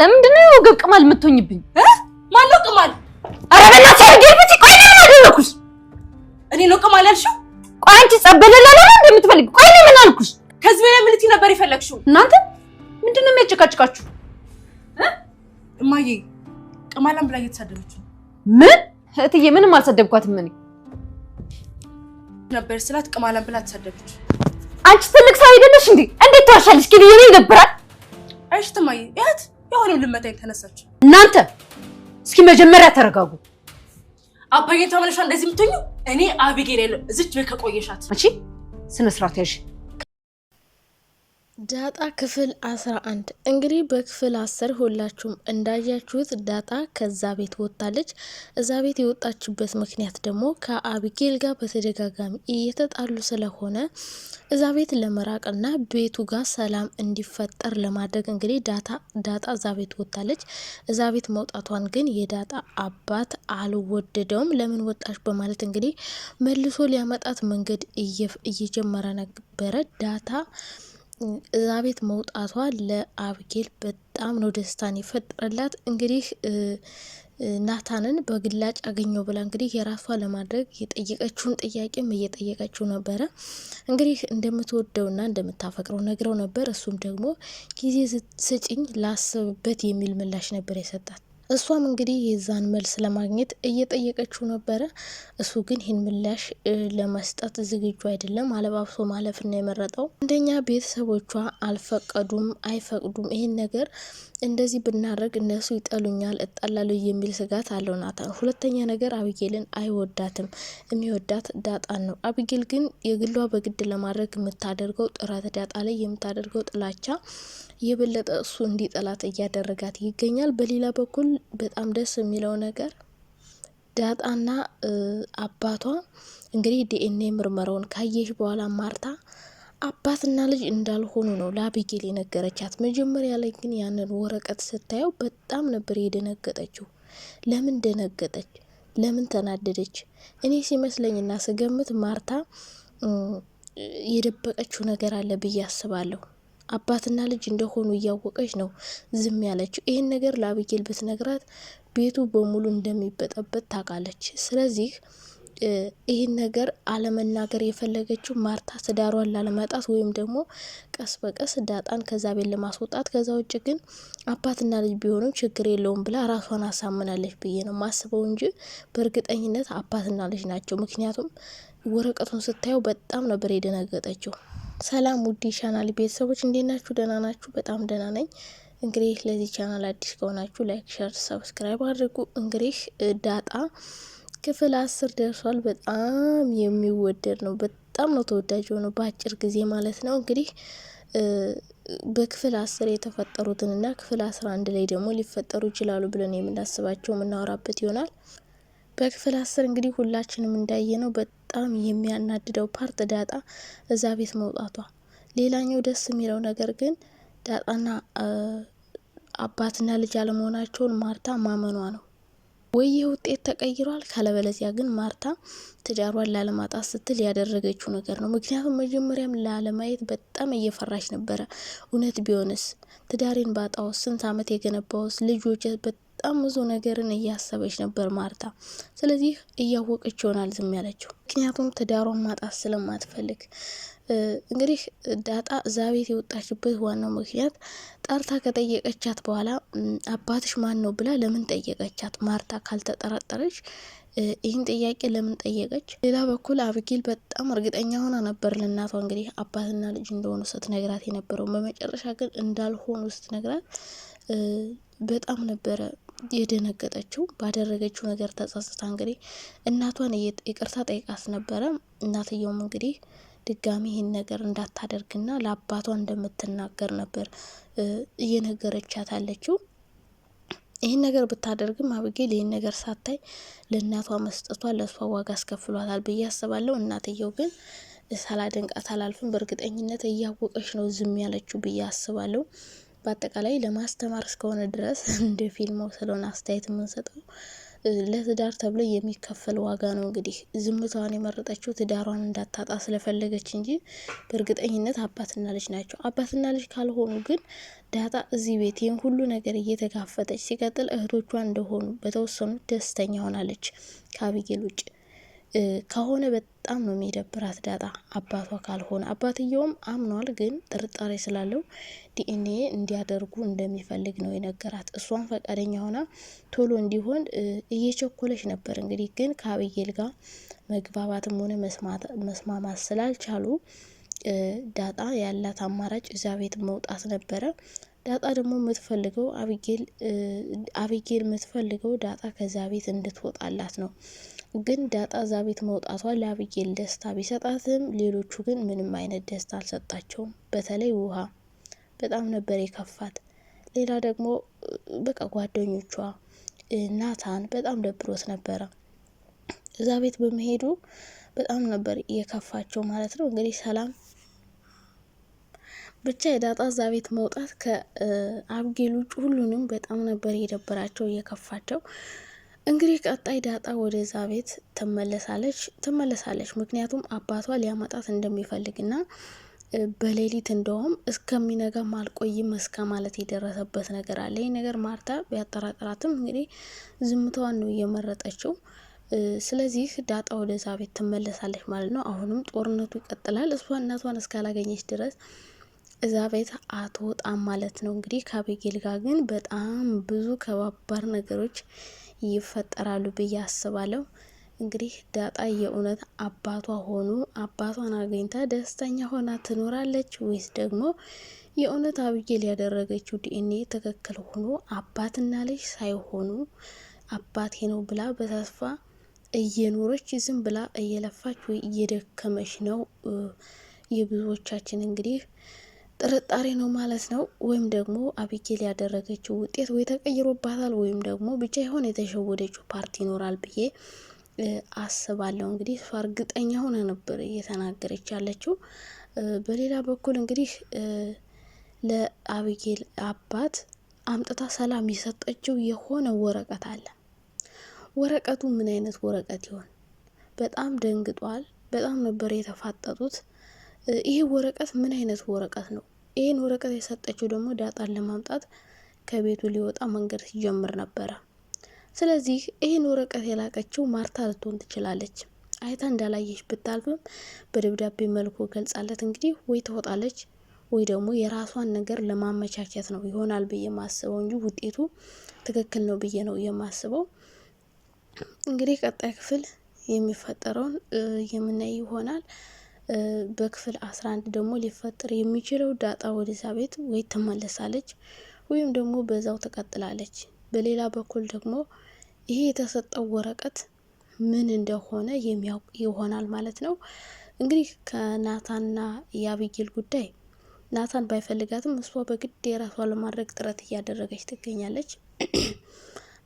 ለምንድን ነው የወገብ ቅማል የምትሆኝብኝ? ማነው ቅማል? ኧረ በእናትሽ ርጌርብት ቆይ ለምን አደረኩሽ? እኔ ነው ቅማል ያልሽው? ቆይ አንቺ ጸበለላ ለምን እንደምትፈልግ ቆይ እኔ ምን አልኩሽ? ከዚህ በላይ ምን ልትይ ነበር የፈለግሽው? እናንተ ምንድን ነው የሚያጨቃጭቃችሁ? እማዬ ቅማላም ብላ እየተሳደበች ነው። ምን እህትዬ? ምንም አልሰደብኳትም። እኔ ነበር ስላት ቅማላም ብላ ተሳደበች። አንቺ ትልቅ ሰው አይደለሽ እንዴ? እንዴት ተዋሻለሽ? ግን ይሄ ይደብራል። አይሽትማዬ እህት የሆነው ልመታ የተነሳች እናንተ እስኪ መጀመሪያ ተረጋጉ። አባዬን ተመለሻ እንደዚህ የምትኙ እኔ አብጌል የለም እዚች ቤት ከቆየሻት መቼ ስነ ስርዓት ያዥ ዳጣ ክፍል 11 እንግዲህ በክፍል 10 ሁላችሁም እንዳያችሁት ዳጣ ከዛ ቤት ወጣለች። እዛ ቤት የወጣችበት ምክንያት ደግሞ ከአቢጌል ጋር በተደጋጋሚ እየተጣሉ ስለሆነ እዛ ቤት ለመራቅና ቤቱ ጋር ሰላም እንዲፈጠር ለማድረግ እንግዲህ ዳጣ እዛ ቤት ወጣለች። እዛ ቤት መውጣቷን ግን የዳጣ አባት አልወደደውም። ለምን ወጣች በማለት እንግዲህ መልሶ ሊያመጣት መንገድ እየጀመረ ነበረ ዳታ እዛ ቤት መውጣቷ ለአብጌል በጣም ነው ደስታን የፈጠረላት። እንግዲህ ናታንን በግላጭ አገኘው ብላ እንግዲህ የራሷ ለማድረግ የጠየቀችውን ጥያቄም እየጠየቀችው ነበረ። እንግዲህ እንደምትወደውና እንደምታፈቅረው ነግረው ነበር። እሱም ደግሞ ጊዜ ስጭኝ ላስብበት የሚል ምላሽ ነበር የሰጣት። እሷም እንግዲህ የዛን መልስ ለማግኘት እየጠየቀችው ነበረ። እሱ ግን ይህን ምላሽ ለመስጠት ዝግጁ አይደለም። አለባብሶ ማለፍ ነው የመረጠው። አንደኛ ቤተሰቦቿ አልፈቀዱም፣ አይፈቅዱም። ይህን ነገር እንደዚህ ብናደርግ እነሱ ይጠሉኛል፣ እጣላለሁ የሚል ስጋት አለው ናታን። ሁለተኛ ነገር አብጌልን አይወዳትም፣ የሚወዳት ዳጣን ነው። አብጌል ግን የግሏ በግድ ለማድረግ የምታደርገው ጥረት፣ ዳጣ ላይ የምታደርገው ጥላቻ የበለጠ እሱ እንዲጠላት እያደረጋት ይገኛል። በሌላ በኩል በጣም ደስ የሚለው ነገር ዳጣና አባቷ እንግዲህ ዲኤንኤ ምርመራውን ካየሽ በኋላ ማርታ አባትና ልጅ እንዳልሆኑ ነው ለአቢጌል የነገረቻት። መጀመሪያ ላይ ግን ያንን ወረቀት ስታየው በጣም ነበር የደነገጠችው። ለምን ደነገጠች? ለምን ተናደደች? እኔ ሲመስለኝ እና ስገምት ማርታ የደበቀችው ነገር አለ ብዬ አስባለሁ። አባትና ልጅ እንደሆኑ እያወቀች ነው ዝም ያለችው። ይህን ነገር ለአብጌል ብትነግራት ቤቱ በሙሉ እንደሚበጠበጥ ታውቃለች። ስለዚህ ይህን ነገር አለመናገር የፈለገችው ማርታ ትዳሯን ላለማጣት ወይም ደግሞ ቀስ በቀስ ዳጣን ከዛ ቤት ለማስወጣት፣ ከዛ ውጭ ግን አባትና ልጅ ቢሆንም ችግር የለውም ብላ ራሷን አሳምናለች ብዬ ነው ማስበው እንጂ በእርግጠኝነት አባትና ልጅ ናቸው። ምክንያቱም ወረቀቱን ስታየው በጣም ነበር የደነገጠችው። ሰላም ውድ ቻናል ቤተሰቦች እንዴት ናችሁ? ደህና ናችሁ? በጣም ደህና ነኝ። እንግዲህ ለዚህ ቻናል አዲስ ከሆናችሁ ላይክ፣ ሸር፣ ሰብስክራይብ አድርጉ። እንግዲህ ዳጣ ክፍል አስር ደርሷል። በጣም የሚወደድ ነው። በጣም ነው ተወዳጅ የሆነው በአጭር ጊዜ ማለት ነው። እንግዲህ በክፍል አስር የተፈጠሩትን እና ክፍል አስራ አንድ ላይ ደግሞ ሊፈጠሩ ይችላሉ ብለን የምናስባቸው የምናወራበት ይሆናል። በክፍል አስር እንግዲህ ሁላችንም እንዳየ ነው በጣም የሚያናድደው ፓርት ዳጣ እዛ ቤት መውጣቷ። ሌላኛው ደስ የሚለው ነገር ግን ዳጣና አባትና ልጅ አለመሆናቸውን ማርታ ማመኗ ነው። ወይ ውጤት ተቀይሯል፣ ካለበለዚያ ግን ማርታ ትዳሯን ላለማጣት ስትል ያደረገችው ነገር ነው። ምክንያቱም መጀመሪያም ላለማየት በጣም እየፈራች ነበረ። እውነት ቢሆንስ ትዳሬን ባጣውስ ስንት ዓመት የገነባውስ ልጆች በጣም ብዙ ነገርን እያሰበች ነበር ማርታ። ስለዚህ እያወቀች ይሆናል ዝም ያለችው፣ ምክንያቱም ትዳሯን ማጣት ስለማትፈልግ። እንግዲህ ዳጣ እዛ ቤት የወጣችበት ዋናው ምክንያት ጠርታ ከጠየቀቻት በኋላ አባትሽ ማን ነው ብላ ለምን ጠየቀቻት? ማርታ ካልተጠረጠረች ይህን ጥያቄ ለምን ጠየቀች? ሌላ በኩል አብጌል በጣም እርግጠኛ ሆና ነበር ለእናቷ እንግዲህ አባትና ልጅ እንደሆኑ ስትነግራት የነበረው በመጨረሻ ግን እንዳልሆኑ ስትነግራት በጣም ነበረ የደነገጠችው ባደረገችው ነገር ተጸጽታ እንግዲህ እናቷን ይቅርታ ጠይቃት ነበረ። እናትየውም እንግዲህ ድጋሚ ይህን ነገር እንዳታደርግና ለአባቷ እንደምትናገር ነበር እየነገረቻት አለችው። ይህን ነገር ብታደርግም አብጌል ይህን ነገር ሳታይ ለእናቷ መስጠቷ ለእሷ ዋጋ አስከፍሏታል ብዬ አስባለሁ። እናትየው ግን ሳላደንቃት አላልፍም፣ በእርግጠኝነት እያወቀች ነው ዝም ያለችው ብዬ አስባለሁ። በአጠቃላይ ለማስተማር እስከሆነ ድረስ እንደ ፊልሙ ስለሆነ አስተያየት የምንሰጠው ለትዳር ተብሎ የሚከፈል ዋጋ ነው። እንግዲህ ዝምታዋን የመረጠችው ትዳሯን እንዳታጣ ስለፈለገች እንጂ በእርግጠኝነት አባትና ልጅ ናቸው። አባትና ልጅ ካልሆኑ ግን ዳጣ እዚህ ቤት ይህን ሁሉ ነገር እየተጋፈጠች ሲቀጥል እህቶቿ እንደሆኑ በተወሰኑ ደስተኛ ሆናለች ከአቢጌል ውጭ ከሆነ በጣም ነው የሚደብራት ዳጣ አባቷ ካልሆነ። አባትየውም አምኗል፣ ግን ጥርጣሬ ስላለው ዲኤንኤ እንዲያደርጉ እንደሚፈልግ ነው የነገራት። እሷም ፈቃደኛ ሆና ቶሎ እንዲሆን እየቸኮለች ነበር። እንግዲህ ግን ከአብዬል ጋር መግባባትም ሆነ መስማማት ስላልቻሉ ዳጣ ያላት አማራጭ እዚያ ቤት መውጣት ነበረ። ዳጣ ደግሞ የምትፈልገው አብጌል የምትፈልገው ዳጣ ከዛ ቤት እንድትወጣላት ነው። ግን ዳጣ እዛ ቤት መውጣቷ ለአብጌል ደስታ ቢሰጣትም ሌሎቹ ግን ምንም አይነት ደስታ አልሰጣቸውም። በተለይ ውሃ በጣም ነበር የከፋት። ሌላ ደግሞ በቃ ጓደኞቿ ናታን በጣም ደብሮት ነበረ። እዛ ቤት በመሄዱ በጣም ነበር የከፋቸው ማለት ነው። እንግዲህ ሰላም ብቻ የዳጣ እዛ ቤት መውጣት ከአብጌል ውጭ ሁሉንም በጣም ነበር የደበራቸው የከፋቸው። እንግዲህ ቀጣይ ዳጣ ወደዛ ቤት ትመለሳለች ትመለሳለች ምክንያቱም አባቷ ሊያመጣት እንደሚፈልግና በሌሊት እንደውም እስከሚነጋ አልቆይም እስከ ማለት የደረሰበት ነገር አለ። ይህ ነገር ማርታ ቢያጠራጥራትም እንግዲህ ዝምታዋን ነው እየመረጠችው። ስለዚህ ዳጣ ወደዛ ቤት ትመለሳለች ማለት ነው። አሁንም ጦርነቱ ይቀጥላል። እሷ እናቷን እስካላገኘች ድረስ እዛ ቤት አትወጣም ማለት ነው። እንግዲህ ከአቤጌል ጋር ግን በጣም ብዙ ከባባር ነገሮች ይፈጠራሉ ብዬ አስባለሁ። እንግዲህ ዳጣ የእውነት አባቷ ሆኖ አባቷን አግኝታ ደስተኛ ሆና ትኖራለች ወይስ ደግሞ የእውነት አብጌል ያደረገችው ዲኤንኤ ትክክል ሆኖ አባትና ልጅ ሳይሆኑ አባቴ ነው ብላ በተስፋ እየኖረች ዝም ብላ እየለፋች ወይ እየደከመች ነው? የብዙዎቻችን እንግዲህ ጥርጣሬ ነው ማለት ነው። ወይም ደግሞ አቢጌል ያደረገችው ውጤት ወይ ተቀይሮባታል ወይም ደግሞ ብቻ የሆነ የተሸወደችው ፓርቲ ይኖራል ብዬ አስባለሁ። እንግዲህ እሷ እርግጠኛ ሆነ ነበር እየተናገረች ያለችው። በሌላ በኩል እንግዲህ ለአቢጌል አባት አምጥታ ሰላም የሰጠችው የሆነ ወረቀት አለ። ወረቀቱ ምን አይነት ወረቀት ይሆን? በጣም ደንግጧል። በጣም ነበር የተፋጠጡት። ይሄ ወረቀት ምን አይነት ወረቀት ነው? ይህን ወረቀት የሰጠችው ደግሞ ዳጣን ለማምጣት ከቤቱ ሊወጣ መንገድ ሲጀምር ነበረ። ስለዚህ ይህን ወረቀት የላቀችው ማርታ ልትሆን ትችላለች። አይታ እንዳላየች ብታልፍም በደብዳቤ መልኩ ገልጻለት እንግዲህ ወይ ትወጣለች ወይ ደግሞ የራሷን ነገር ለማመቻቸት ነው ይሆናል ብዬ ማስበው እንጂ ውጤቱ ትክክል ነው ብዬ ነው የማስበው። እንግዲህ ቀጣይ ክፍል የሚፈጠረውን የምናይ ይሆናል። በክፍል 11 ደግሞ ሊፈጠር የሚችለው ዳጣ ወደዛ ቤት ወይ ትመለሳለች ወይም ደግሞ በዛው ትቀጥላለች። በሌላ በኩል ደግሞ ይሄ የተሰጠው ወረቀት ምን እንደሆነ የሚያውቅ ይሆናል ማለት ነው። እንግዲህ ከናታንና የአብይል ጉዳይ ናታን ባይፈልጋትም እሷ በግድ የራሷ ለማድረግ ጥረት እያደረገች ትገኛለች።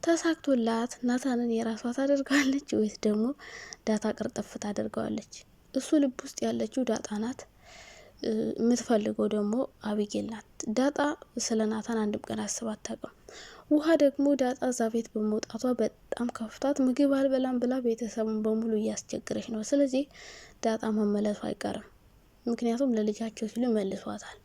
ተሳክቶላት ናታንን የራሷ ታደርጋለች ወይስ ደግሞ ዳታ ቅርጥፍ ታደርገዋለች? እሱ ልብ ውስጥ ያለችው ዳጣ ናት። የምትፈልገው ደግሞ አብጌል ናት። ዳጣ ስለ ናታን አንድም ቀን አስብ አታውቅም። ውሃ ደግሞ ዳጣ እዛ ቤት በመውጣቷ በጣም ከፍቷት ምግብ አልበላም ብላ ቤተሰቡን በሙሉ እያስቸገረች ነው። ስለዚህ ዳጣ መመለሱ አይቀርም። ምክንያቱም ለልጃቸው ሲሉ ይመልሷታል።